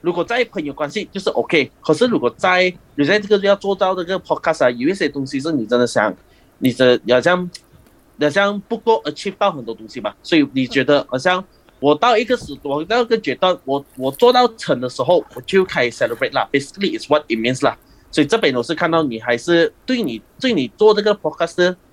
如果在朋友關係就是 OK，可是如果在 present 這個要做到這個 podcast 啊，有一些東西是你真的想，你真要你要這樣不夠 achieve 到很多東西嘛，所以你覺得好像我到一個時，我到個階段，我我，我做到成的時候，我就開始 celebrate 啦，basically it's what it means 啦，所以這邊我是看到你還是對你對你做這個 podcast，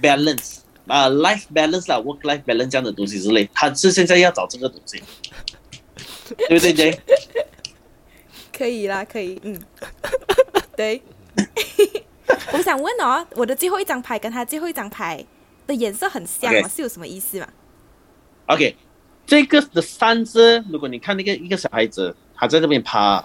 Balance 啊、uh,，life balance 啦，work life balance 這樣的東西之類，他是現在要找這個東西， 對唔對啫？可以啦，可以，嗯， 對， 我想問哦，我的最後一張牌跟他最後一張牌的顏色很像，Okay. 是有什麼意思嗎？o、okay. K，這個的三隻，如果你看那個一個小孩子，他在這邊爬。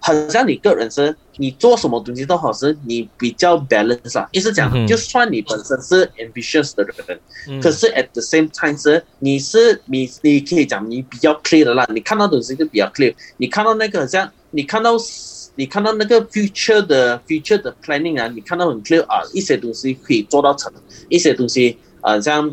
很像你個人是你做什麼東西都好是你比較 balance 啊，意思講，就算你本身是 ambitious 的人，可是 at the same time，是你是你你可以講你比較 clear 的啦，你看到東西就比較 clear。你看到那個，像你看到你看到那個 future 的 future 的 planning 啊，你看到很 clear 啊，一些東西可以做到成，一些東西啊，像。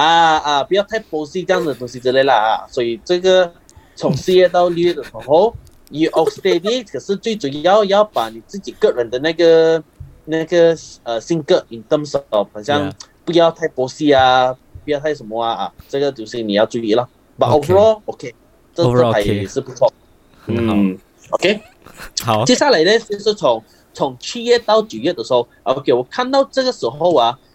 啊啊，不要太 bossy 這樣的東西之類啦，啊，所以這個從四月到六月的時候 ，you understand 就是最主要要把你自己個人的那個那個，呃性格，in terms of，好像不要太 bossy 啊，不要太什麼啊，啊，這個就是你要注意咯，ok，But overall，ok，這這係是不錯，嗯，ok， 好，okay? 好，接下來呢，就是從從七月到九月的時候，ok，我看到這個時候啊。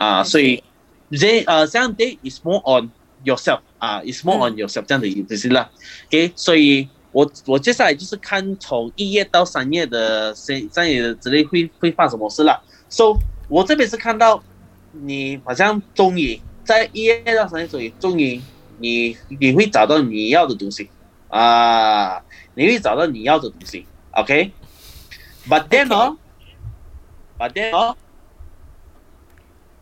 啊，所以，即係啊，相 is more on yourself，啊，uh，is more on yourself，mm hmm. 這樣的意思，即是啦。OK 所以我我接下來就是看從一月到三月的三三月的之內會會發什麼事啦。So，我這邊是看到你好像終於在一月到三月，終於終於你你會找到你要的東西，啊，uh，你會找到你要的東西，OK，but then 但係呢？但係呢？